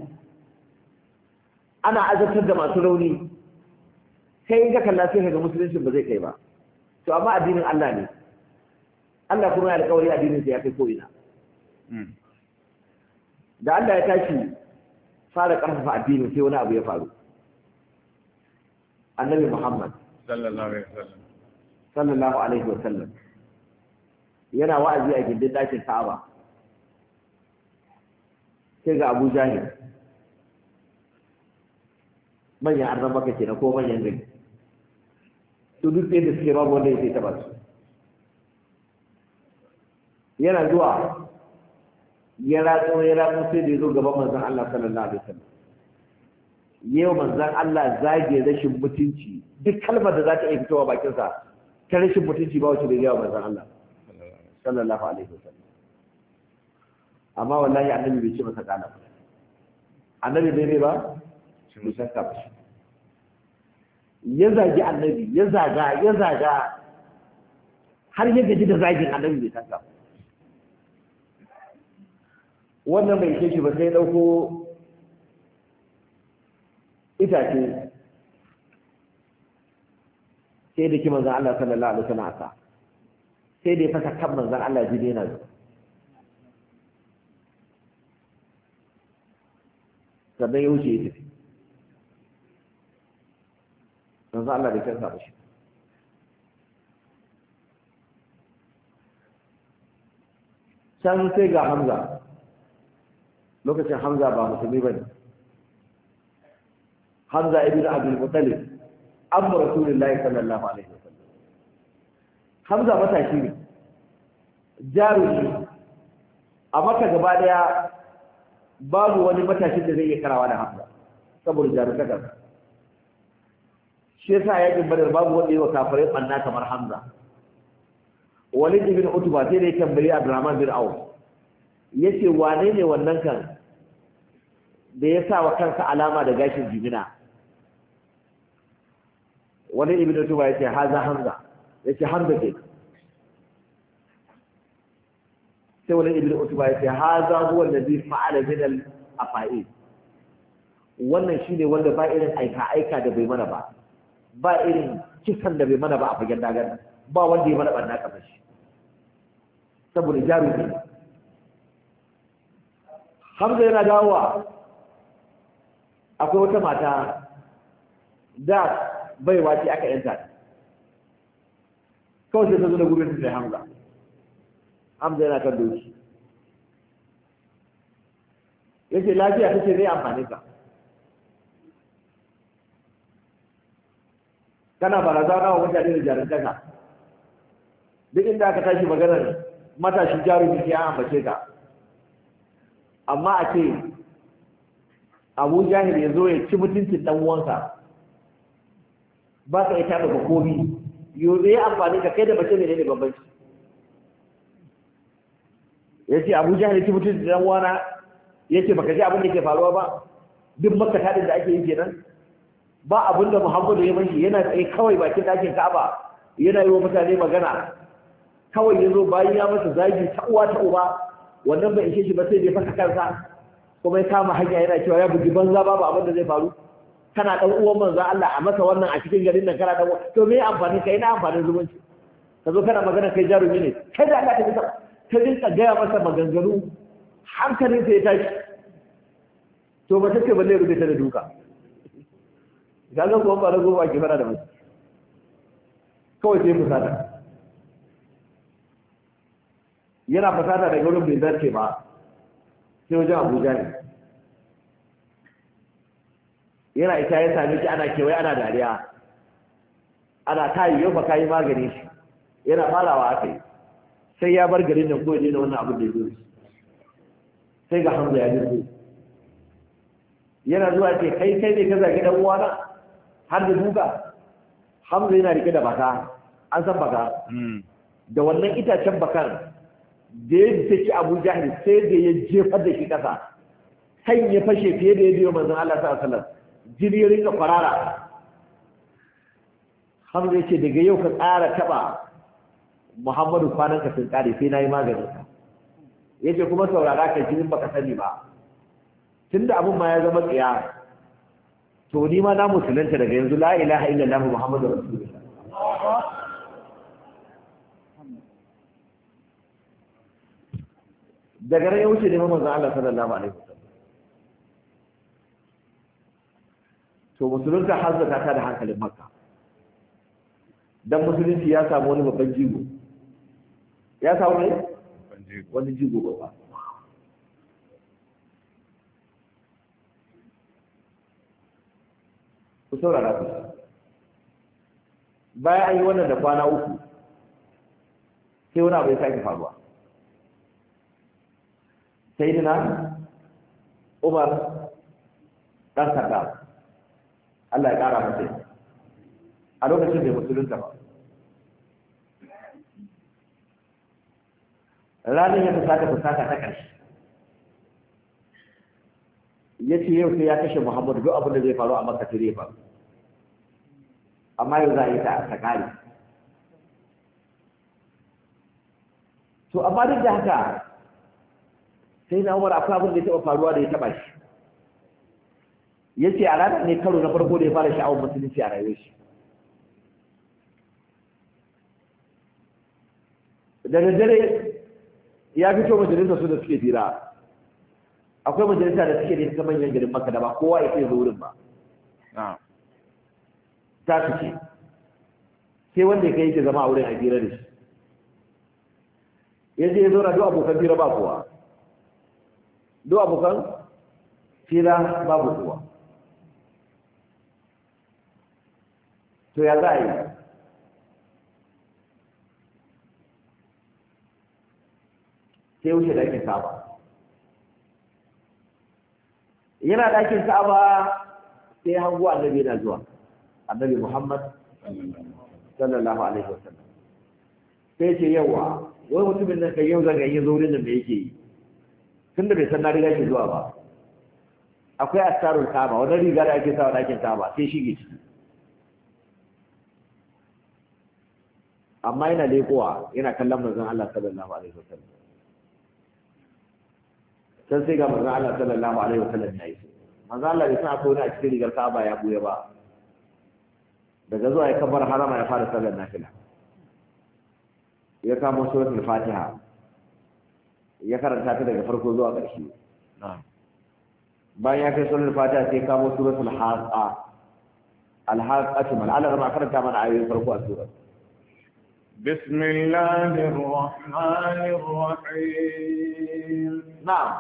ana azabtar da masu rauni sai in ka kalla sai ga musulunci ba zai kai ba to amma addinin Allah ne Allah kuma ya alƙawari addinin sa ya kai ko ina hmm. da Allah ya tashi fara ƙarfafa addinin sai wani abu ya faru annabi Muhammad sallallahu alaihi wasallam sallallahu alaihi wasallam yana wa'azi a gindin ɗakin Ka'aba sai ga Abu Jahil manyan arzan baka ke ko manyan gari to duk da suke babu wanda ya sai taba su yana zuwa ya ratso ya ratso sai da ya zo gaban manzon Allah sallallahu alaihi wasallam yau manzon Allah zage rashin mutunci duk kalmar da za ta iya fitowa bakinsa ta rashin mutunci ba wacce da yawa manzon Allah sallallahu alaihi wasallam amma wallahi annabi bai ce masa kana ba annabi bai bai ba shi mu shakka ba shi ya zagi annabi ya zaga ya zaga har ya gaji da zagin annabi bai shakka ba wannan bai ce shi ba sai dauko itace sai da kima manzon Allah sallallahu alaihi wasallam sai da ya fasa kan manzan Allah ji daina zo sannan ya wuce ya tafi manzan Allah da kyan ba shi can sai ga hamza lokacin hamza ba musulmi ba ne hamza ibn abdul mutalib amma rasulullahi sallallahu alaihi hamza matashi ne jarumi a maka gaba daya babu wani matashin da zai iya karawa da hamza saboda jarumtakar shi yasa yakin badar babu wanda yi wa kafirai banna kamar hamza Wani ibn utba sai da ya tambayi abdurrahman bin Ya yace wane ne wannan kan da ya sa wa kansa alama da gashin jimina wani ibn utba yace haza hamza yake har da ke sai wani ibn utba ya ce haza huwa allazi fa'ala min a fa'i wannan shine wanda ba irin aika aika da bai mana ba ba irin kisan da bai mana ba a fagen dagar ba wanda ya mana na kamar shi saboda jaru ne Hamza yana dawowa akwai wata mata da baiwa ce aka yanta kawai sai ta zo da gudun hamza hamza yana kan doki ya ce lafiya ta ce zai amfani ka kana barazana wa mutane da jarumtaka duk inda aka tashi maganar matashin jarumi sai an ambace ka amma a ce abu jahil ya zo ya ci mutuncin dan uwansa ba ka ita daga komi yanzu ya amfani ka kai da mace ne ne bambanci ya ce abu jihar yake mutu da wana ya ce baka ji abin da ke faruwa ba duk maka taɗin da ake yi kenan ba abin da muhammadu ya mashi yana tsaye kawai bakin ɗakin ka'aba yana yi wa mutane magana kawai ya zo bayan ya masa zagi ta uwa ta uba wannan bai ishe shi ba sai ya fasa kansa kuma ya kama hanya yana cewa ya bugi banza babu abin da zai faru kana dan uwan manzo Allah a masa wannan a cikin garin nan kana dan to me amfani kai na amfanin zumunci ka zo kana magana kai jarumi ne kai da Allah ta ka ta dinka gaya masa maganganu hankalin sai ya tashi to ba take balle rubuta da duka ga ko ba rago ki fara da mu kawai sai fusata yana fusata da gurin bai zarce ba sai wajen Abuja ne yana ita ya sami ki ana kewaye ana dariya ana kayi yau fa kayi magani shi yana farawa aka yi sai ya bar garin nan koyi da wannan abin da ya zo sai ga hamza ya zo yana zuwa ce kai kai ne ka zagi dan na, har da duka hamza yana rike da baka an san baka hmm. da wannan itacen bakar da ya ki abu jahil sai da ya jefar da shi kasa kan ya fashe fiye da ya biyo manzon Allah sallallahu alaihi wasallam jini ya kwarara Hamza ce daga yau ka tsara taɓa muhammadu kwanan ka sun kare sai na yi maganin ka ya ce kuma saurara ka ba baka sani ba tun da abin ma ya zama tsiya to ni ma na musulunta daga yanzu la ilaha illallah muhammadu rasulullah daga ran ya wuce neman manzon Allah sallallahu alaihi to musulunta har ta da hankalin makka dan musulunci ya samu wani babban jigo ya samu ne wani jigo babba ku saurara ku bayan an yi wannan da kwana uku sai wani abu ya sake faruwa sai dina umar ɗan saddam Allah ya ƙara masa a lokacin da musulunta ba ranar ya fusata fusata ta ƙarshe ya ce yau sai ya kashe muhammadu duk abin da zai faru a maka tire ba amma yau za a yi ta ƙari to amma duk da haka sai na umar akwai abin da ya taɓa faruwa da ya taɓa shi ya ce a ranar ne karo na farko da ya fara sha'awar musulunci a rayuwar shi da dare ya fito majalisa su da suke jira. akwai majalisa da suke da ta manyan garin maka da ba kowa ya fiye wurin ba ta su ce sai wanda ya kai yake zama a wurin a da shi ya je ya zo na duk abokan fira ba kowa duk abokan fira ba kowa to ya za a yi sai wuce ɗakin saba yana ɗakin saba sai hango annabi yana zuwa annabi muhammad sallallahu alaihi wasallam sai ce yawa wai mutumin nan kai yau zan ganyen zaurin da yake yi tunda bai san na riga shi zuwa ba akwai astarul saba wani riga da ake sawa ɗakin saba sai shi ciki amma yana lekowa yana kallon manzon Allah sallallahu alaihi wasallam sai sai ga manzon Allah sallallahu alaihi wasallam ya yi manzon Allah ya san ko wani a cikin rigar Ka'aba ya buya ba daga zuwa ya kabar harama ya fara sallar nafila ya kamo suratul Fatiha ya karanta ta daga farko zuwa ƙarshe bayan ya kai suratul Fatiha sai kamo suratul Haqa al-Haqa mal Allah ba karanta mana ayoyin farko a suratul بسم الله الرحمن الرحيم نعم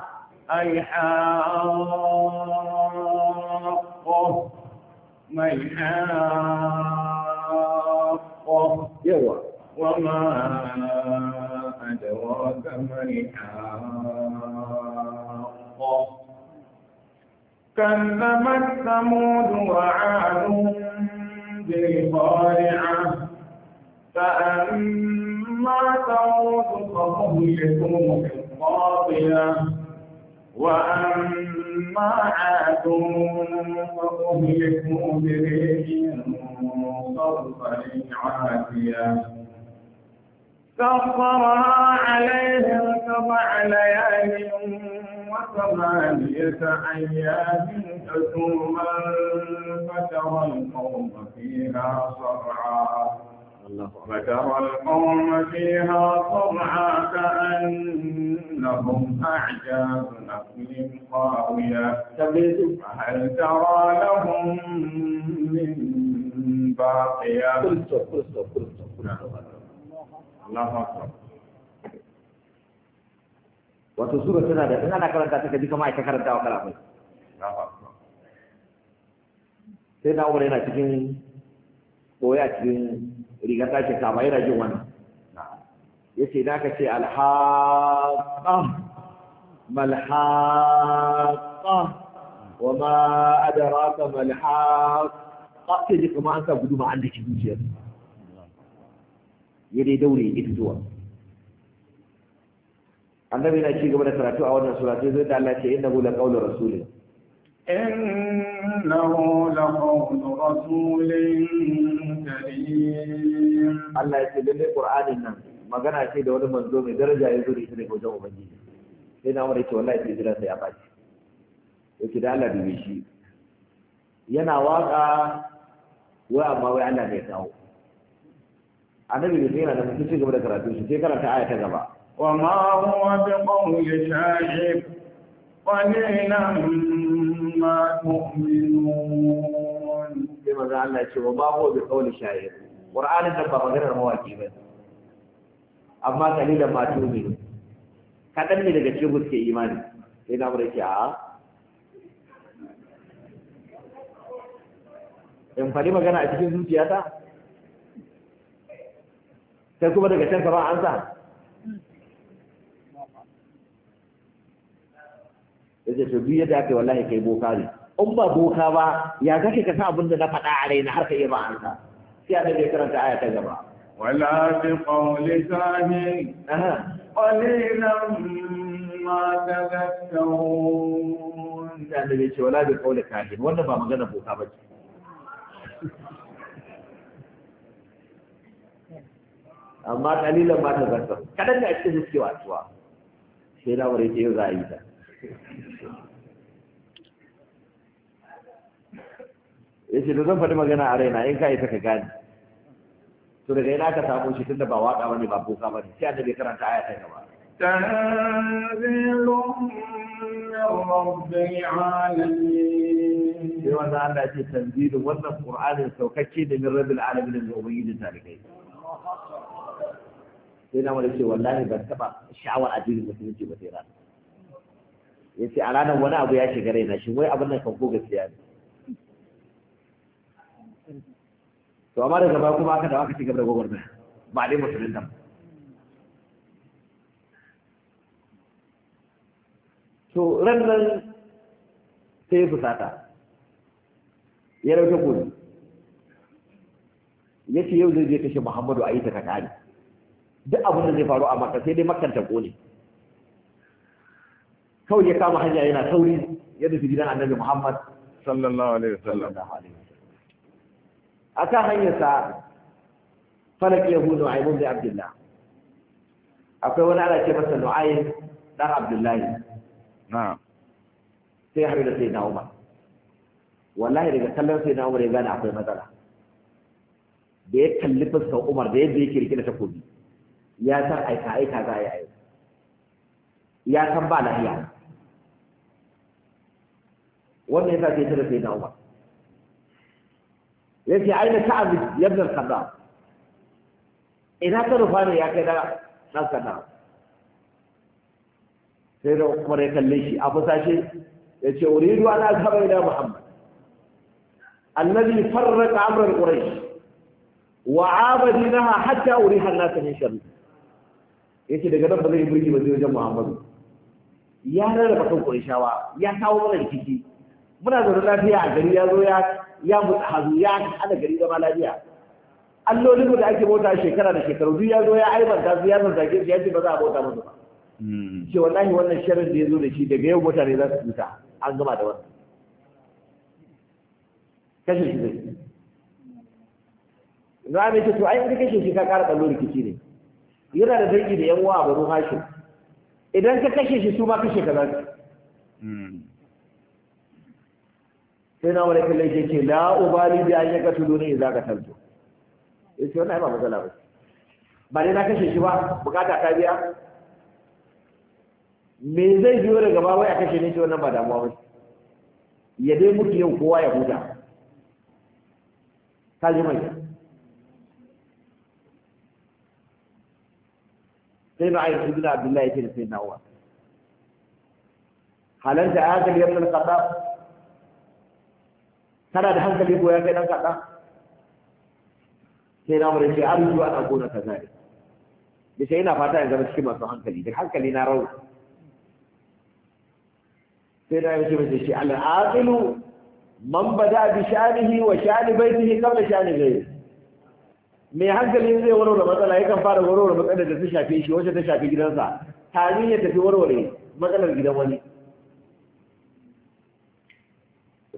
الحق ما الحق وما أدراك ما الحق كلمت ثمود وعاد بالقارعة فأما تعود فأهلكوا بالطاغية وأما عاد فأهلكوا بريح صرصر عاتية سخرها عليهم سبع ليال وثمانية أيام حسوما فترى القوم فيها صرعا مكر القوم فيها صرعى كأنهم أعجاب نخل خاوية فهل ترى لهم من باقية الله أكبر wato sura tana da in ana karanta ta kaji kama ita karanta wa kala sai na umar yana cikin boye cikin riga ta ke kama yana jin Ya ce da ka ce alhaqa malhaqa wa ma adara adraka malhaqa sai ji kuma an sa gudu guduma an dake zuciyar ya dai daure ya fitowa annabi na ci gaba da karatu a wannan sura sai zai da Allah ce innahu laqawlu rasulin إنه لقول رسول كريم الله يتدل القرآن النام magana ce da wani manzo mai daraja ya zo da ita daga wajen ubangiji sai na mara cewa wallahi sai jiran sa ya baci yake da Allah dube shi yana waka wai amma wai Allah ne ya kawo annabi da yana da mutum ci da karatu shi sai karanta aya ta gaba wa ma huwa bi qawli sha'ib qalilan ما تؤمنون كما قال الله يقول وما هو بقول شاعر قرآن ده بابا غير مواقي بس amma kalilan ma tu'minu kadan ne daga cikin suke imani sai na mura a in faɗi magana a cikin zuciyata sai kuma daga can ka ba an sa yace to duk yadda aka wallahi kai boka ne in ba boka ba ya kake ka san abin na faɗa a raina har ka iya ba an sai a ya karanta aya ta gaba wala bi qawli sahi qalilan ma da annabi wala bi qawli wannan ba magana boka ba ce amma kalilan ma kadan da cikin suke wasuwa sai lamarin yau za a yi ta ya ce da zan faɗi magana a raina in ka yi ta ka gani to daga yana ka samu shi tun da ba waƙa bane ba boka bane sai annabi karanta aya ta gaba تنزيل من رب العالمين sai wannan Allah ya ce tanzilin wannan Qur'anin saukakke da min rabin alamin da ubangiji ta kai. sai na wani ce wallahi ban taba sha'awar ajiyar musulunci ba sai rana ya ce a ranar wani abu ya shiga raina shi wai abin nan kan ko gaskiya ne to amma daga baya kuma aka dawo aka ci gaba da ba dai musulun nan to ran nan sai ya fusata ya rauta koli ya ce yau zai je kashe muhammadu a yi ta kakari duk abin da zai faru a makka sai dai makanta koli kawai ya kama hanya yana sauri ya nufi gidan annabi Muhammad sallallahu alaihi wasallam akan hanyarsa falak hu nu'aymun bi abdullah akwai wani ana ce masa nu'aym dan abdullahi na'am sai har da sai na umar wallahi daga kallon sai na umar ya gane akwai matsala da ya kalli fuskar umar da yadda yake rike da takobi ya san aika aika za a yi aiki ya san ba lahiya wannan yasa sai tare sai dawo Umar yace aina ka'ab ya ibn al-Khattab ina ka rufa ne ya kai da dan kada sai da kuma ya kalle shi a fasashe yace uridu an azhaba ila Muhammad annabi farraqa amran quraish wa abadinaha hatta uriha an-nas min sharri yace daga nan ba zai burge ba zai wajen muhammad ya rarraba kan Qurayshawa ya kawo mana rikici muna zaune lafiya a gari ya zo ya ya hazu ya hana gari zama lafiya allolin da ake bauta shekara da shekaru duk ya zo ya aibanta su ya zanzage su ya ce ba za a bauta musu ba ce hmm. wallahi wannan shirin da ya zo da shi daga yau mutane za su cuta an gama da wannan kashe shi zai na mai ce to ai in kashe shi ka kara kallo rikici ne yana da dangi da yan uwa a banu hashin idan ka kashe shi su ma kashe ka za su hmm. sai na wani kallon shi ce la ubali bi an yaka tudu ne za ka tarzo ya ce wannan ba matsala ba ba ne na kashe shi ba bukata ta biya me zai biyo daga ba wai a kashe ne shi wannan ba damuwa ba ya dai muke yau kowa ya huta ka ji mai sai na ayyukan ibn abdullahi ya ce da sai na uwa halarta ayatul yamma da kana da hankali ko ya kai dan kaɗan sai na mura ce arzu na gona ta zai da sai ina fata in zama cikin masu hankali da hankali na rau sai na yake mace shi al'aqilu man bada bi shanihi wa shani baitihi qabla shani ghayri mai hankali zai warware matsala yakan fara warware matsalar da ta shafe shi wacce ta shafi gidansa tani ya tafi warware matsalar gidan wani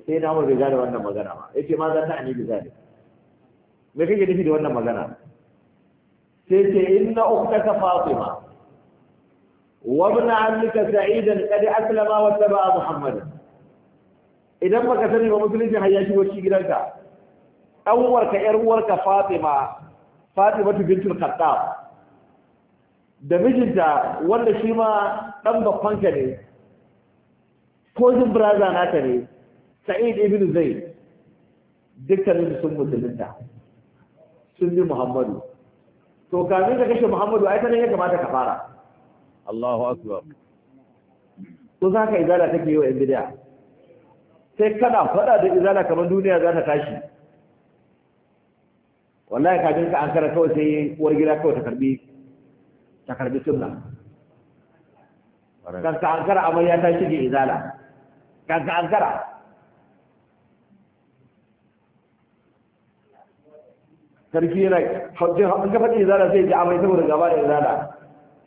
sai na riga da wannan magana ba yace ma za ta ani bi zalik me kake nufi da wannan magana sai ce inna ukhtaka fatima wa ibn amika sa'idan qad aslama wa taba'a muhammad idan baka sani ba musulunci har ya shigo shi gidanka dan uwarka yar uwarka fatima fatima bintul khattab da mijinta wanda shi ma dan babbanka ne ko zin braza naka ne sa'id ibn zaid dukkanin sun musulunta sun bi muhammadu to kamin kashe muhammadu ai sanan ya kamata ka fara Allahu akbar to za ka izala take yi wa yan bid'a sai kana faɗa da izala kamar duniya za ta tashi wallahi ya ka an kara kawai sai uwar gida kawai ta karbi ta karbi ta shige izala kan ka sarki yana an ga faɗi izala sai ji amai saboda gaba da izala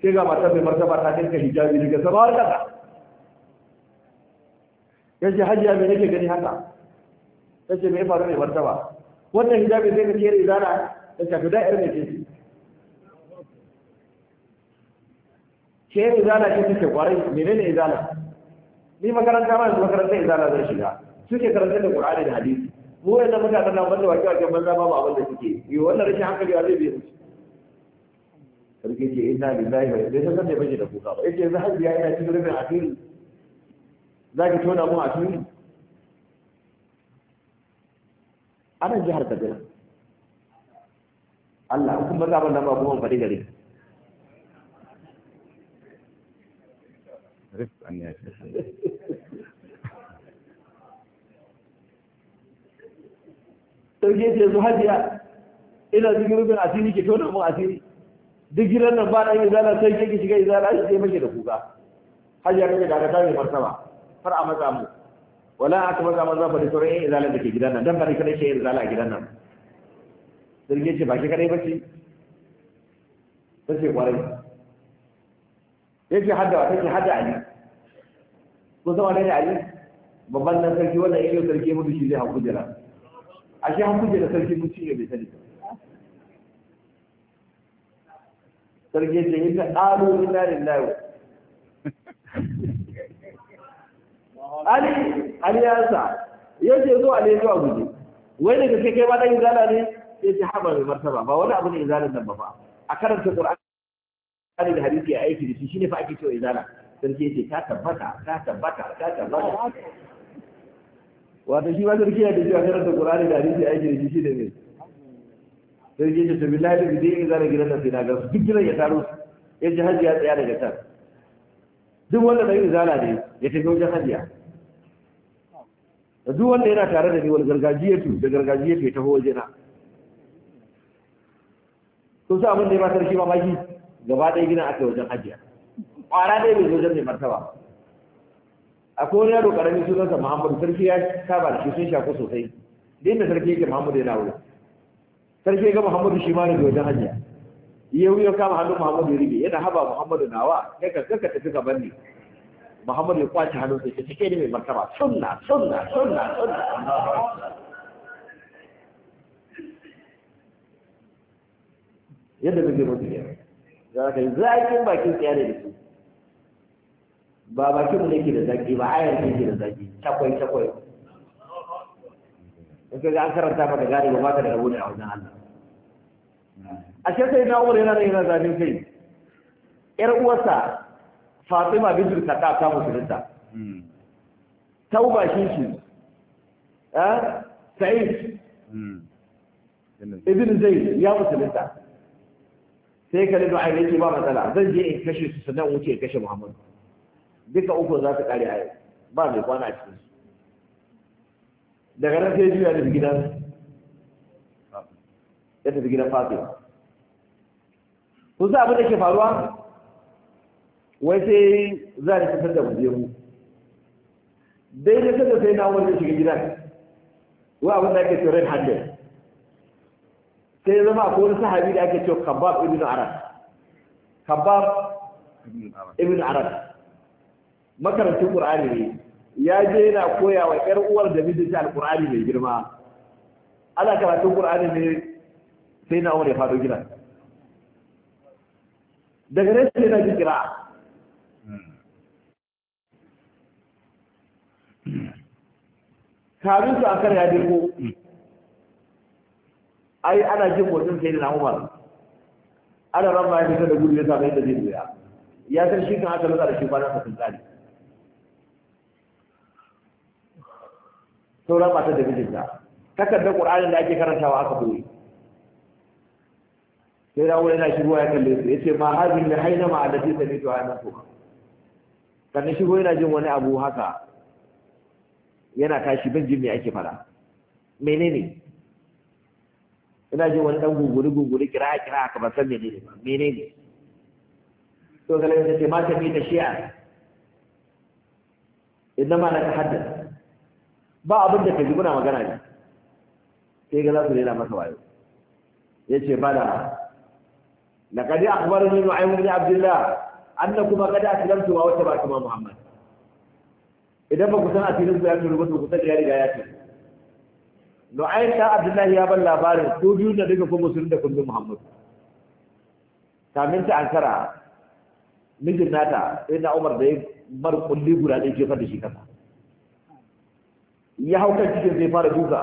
sai ga mata mai martaba ta dinka hijabi daga sama har kasa yace hajiya mai nake gani haka ce me faru mai martaba wannan hijabi sai ka kiyar izala ta tafi da mai ce ke izala ce suke kwarai menene izala ni makaranta ma makaranta izala zai shiga suke karanta da qur'ani da hadisi mu wanda mutanen nan wanda wake wake banza ba abin da suke yi wannan rashin hankali a zai bai musu sarki ce ina lillahi wa zai san zai bace da kuka ba yace zahabi ya yana cikin rubin asiri ki tona mu asiri ana jihar Kaduna Allah kun ba zaman nan ba kuma fadi gare Rif an ya ɗauke ce su hajiya ina cikin rufin asiri ke tona mun asiri duk gidan nan ba da yin zana sai ke shiga izala shi sai make da kuka hajiya kake da ta mai martaba far a matsa mu wala aka maza maza ba da sauran yin izala da ke gidan nan dan ba ni kada ke yin izala a gidan nan sirge ce ba ki kadai bace ta ce kwarai ce hadda ta ce hadda ali ko zama ne ali babban nan sarki wannan yake sarki mutu shi zai haku jira ashe an kuje da sarki mun cinye bai sani sarki ya ce inna na inna lillahi Ali Ali ya sa yace zo Ali zuwa guje wai daga kai kai ba dan izala ne sai ce haba mai martaba ba wani abu ne izalan nan ba ba a karanta Qur'ani da hadisi ya aiki da shi shine fa ake cewa izala sarki ya ce ta tabbata ta tabbata ta tabbata wato shi ma sarki ya da shi a da Qur'ani da hadisi aiki da shi da me sarki ya ce billahi da bidai zara gidan nan sai na ga duk gidan ya taro ya ji haji ya tsaya daga can duk wanda da yi zala ne ya tafi wajen hajiya da duk wanda yana tare da ni wani gargajiyatu da gargajiyatu ya taho wajena sun sa abin da ya ma sarki mamaki gaba ɗaya gidan aka wajen hajiya ƙwara ɗaya mai wajen mai martaba akwai wani yaro karami sunansa muhammadu sarki ya saba da shi sun shaku sosai din da sarki yake muhammadu yana wuri sarki ga muhammadu shi ma da wajen hanya ya wuya kama hannun muhammadu ya rige yana haba muhammadu nawa ya kankaka tafi ka banne muhammadu ya kwace hannun sai ta cike ne mai martaba sunna sunna sunna sunna yadda zai mutu ya za yi zaƙin bakin tsaye da su ba bakin mu ne ke da zaki ba ayar ce ke da zaki takwai takwai in ka ga an karanta maka gane ba ka da rabo ne a wajen Allah ashe sai na umar yana da yana zafin kai yar uwarsa Fatima bintul Khattab ta musulunta tauba shi shi eh ah, Sa'id hmm. ibn Zaid ya musulunta sai ka lido ai yake ba matsala zan je in kashe su sannan wuce in kashe Muhammadu duka uku za ta kare a yau ba mai kwana a cikin daga nan sai juya da gidan ya tafi gidan fatima kun sa abin da ke faruwa wai sai za a fitar da muje mu daidai kada sai na wani shiga gidan wa abin da ake cewa red handed sai ya zama akwai wani sahabi da ake cewa kabab ibn arad kabab ibn arad makarantun Qur'ani ne ya je yana koya wa ƴar uwar da mijinta alqur'ani mai girma ana karatun Qur'ani ne sai na Umar ya fado daga nan sai na ji kira kamin su akar ya dirko ai ana jin motsin sai na Umar ana ramba ya fita da gudu ya sami yadda zai doya ya san shi kan aka lura da shi kwanan sa sun tsari sauran matar da mijinta takardar qur'anin da ake karantawa aka buri sai dawo yana shigo ya kalle su yace ma hadin ne haina ma allati ya ana ko kan shigo yana jin wani abu haka yana tashi bin jin me ake fara menene ina jin wani dan guguri guguri kira kira haka ban san menene ba menene to kallon yace ma tafi da shi'a inna ma la tahaddath ba abin da ka ji guna magana ne ke ga za su nila masa wayo ya ce ba da na kadi a kubar ni ma'ayi mun ni abdullah an na kuma kadi a tilar tuwa wata ba ma muhammad idan ba ku san a tilar tuwa ya turu ku san ya riga ya ce no ai ta abdullah ya ban labarin su biyu da daga kuma musulun da kundin muhammad kamin ta ankara mijin nata sai na umar da ya bar kulli guda ɗaya jefar da shi kasa ya hau kan cikin zai fara duka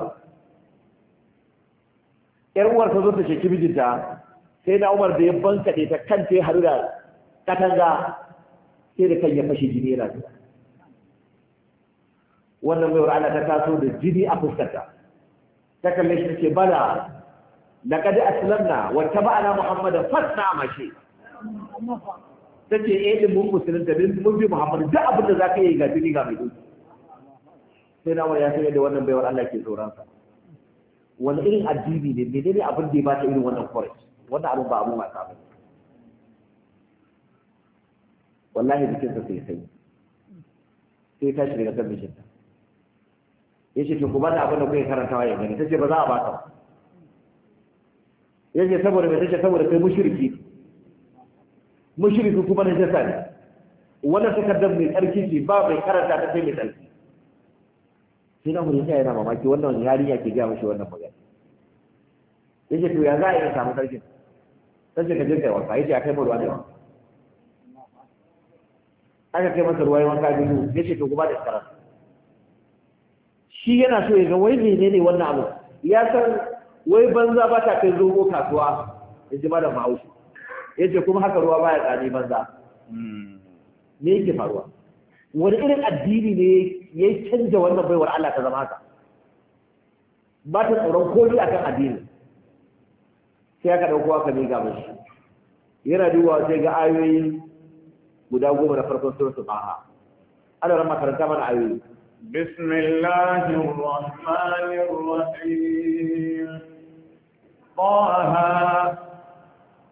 yar uwar ta zo ta sheki mijinta sai na umar da ya banka ta kan ta haɗu da katanga sai da kan ya fashe jini yana zuwa wannan mai ana ta taso da jini a fuskarta ta kalle shi ce bala laqad aslamna wa taba'ana muhammadan fasna mashi tace eh din mun musulunta din mun bi muhammad duk abin da zaka yi ga jini ga mai duka sai na ya san yadda wannan baiwar Allah ke tsoronsa wani irin addini ne ne ne abin da ya bata irin wannan forest wannan abin ba abin wasa ba wallahi jikinsa sai sai sai ta daga kan mijinta ya ce ku ba da abin da kuke karantawa ya gani ta ce ba za a ba ta ya saboda mai ta ce saboda kai mushriki mushriki kuma na jasa ne wannan takardar mai tsarki ce ba mai karanta ta sai mai tsarki sai na hudun yana mamaki wannan yarinya ke gaya mashi wannan magana ce to ya za a iya samu sarkin sarkin ka jirka wanka yace a kai mu ruwa da wanka aka kai masa ruwa wanka biyu ce to kuma da tsara shi yana so ya ga wai ne wannan abu ya san wai banza ba ta kai zogo kasuwa in ji ma'aushi ya ce kuma haka ruwa baya tsani banza hmm. me yake faruwa wani irin addini ne ya canja wannan baiwar Allah ta zama haka ba ta tsoron koli akan addini sai aka ɗauko aka miƙa shi yana duba sai ga ayoyi guda goma na farkon su baha ana ran makaranta mana ayoyi بسم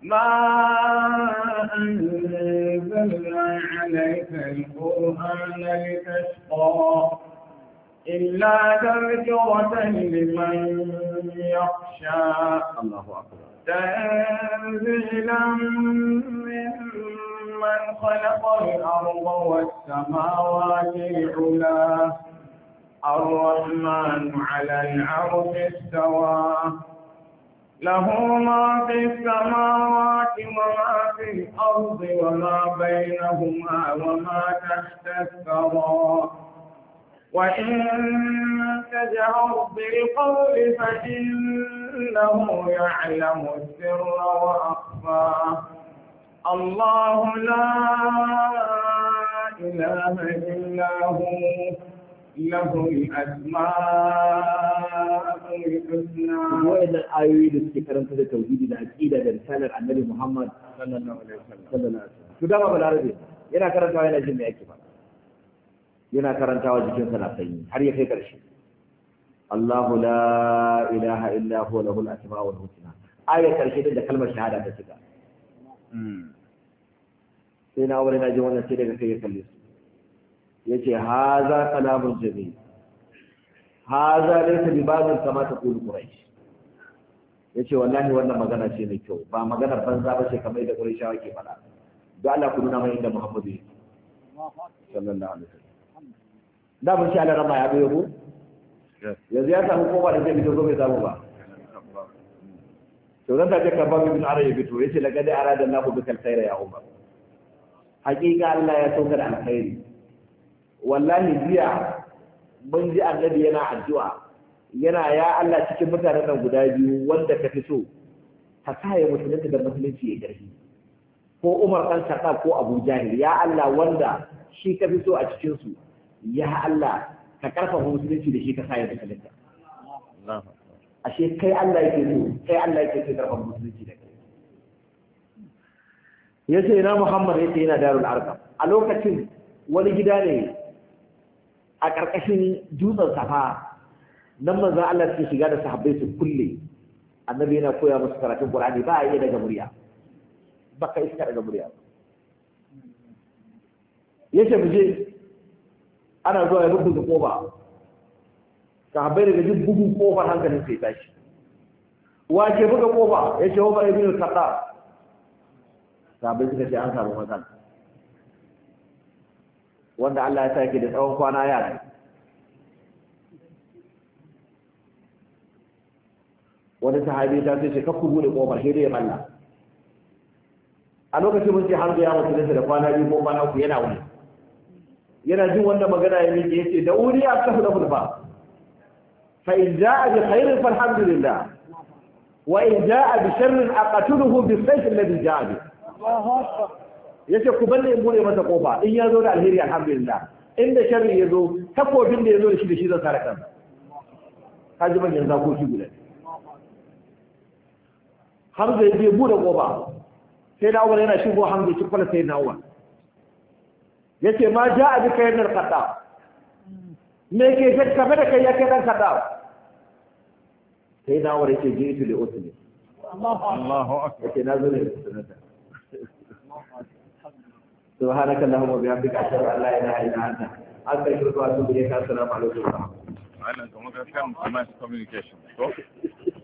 ما أنزلنا عليك القرآن لتشقى إلا تذكرة لمن يخشى الله أكبر تنزيلا ممن خلق الأرض والسماوات العلا الرحمن على العرش استوى له ما في السماوات وما في الأرض وما بينهما وما تحت الثرى وإن تجهر بالقول فإنه يعلم السر وأخفى الله لا إله إلا هو له الأسماء da وإن الآيوي da كرمت التوحيد العقيدة النبي محمد صلى الله عليه وسلم صلى الله عليه وسلم شو دام yana yana ba yana har ya kai ƙarshe Allahu la ilaha kalmar shahada sai na wani na ji wannan sai daga kai ya kalli. su ya ce haza kalamun jami haza ne ta libanin kama ta kuli ƙuraish ya ce wallahi wannan magana ce mai kyau ba maganar banza ba ce kamar da ƙuraishawa ke faɗa da Allah ku nuna mai da Muhammadu yake sallallahu alaihi wasallam da mun sha Allah ya biyo yanzu ya samu kowa da zai fito ko bai samu ba to zan ta ce ka ba min ara ya fito yace da arada Allahu bika alkhaira ya umar hakika Allah ya da alkhairi wallahi biya mun ji annabi yana addu'a yana ya Allah cikin mutanen nan guda biyu wanda ka fi so ka sa ya musulunta da musulunci ya ƙarfi ko Umar ɗan Kaɗa ko Abu Jahil ya Allah wanda shi ka fi so a cikin su ya Allah ka ƙarfafa musulunci da shi ka sa ya musulunta ashe kai Allah yake so kai Allah yake so ƙarfafa musulunci da kai yace ina Muhammad yace yana Darul Arqam a lokacin wani gida ne a ƙarƙashin dutsen safa nan manzo Allah ke shiga da sahabbai su kulle annabi yana koya musu karatun Qur'ani ba ya daga murya ba ka iska daga murya ya ce muje, ana zuwa ya rubuta koba sahabbai daga jin bugun kofar hankalin sai tashi wa ke buga kofa ya ce Umar ibn Khattab sahabbai suka ce an samu matsala wanda Allah ya sa da tsawon kwana ya yara wani sahabi ta sai shekar ku bude kofar sai dai malla a lokacin mun ce har da ya mutu da kwana biyu ko kwana uku yana wuni yana jin wanda magana ya miƙe yace da wuri ya kafa da kulfa fa in jaa bi khairin falhamdulillah wa in jaa bi sharrin aqatuluhu bi sayf alladhi jaa bi Allahu akbar ya ce ku balle in bude masa kofa in ya zo da alheri alhamdulillah inda sharri ya zo takobin da ya zo da shi da shi zan sare kansa ka ji manyan zakoki guda hamza ya je bude kofa sai da umar yana shigo hamza ya kula sai na umar ya ce ma ja a duka yanar kasa me ke gaskafe da kai ya kai dan kasa sai na umar ya ce je ito da otu ne Allahu Akbar. Yake na zo ne da sunanta. سبحانك اللهم وبحمدك اشهد ان لا اله الا انت استغفرك واتوب اليك السلام عليكم ورحمه الله. communication.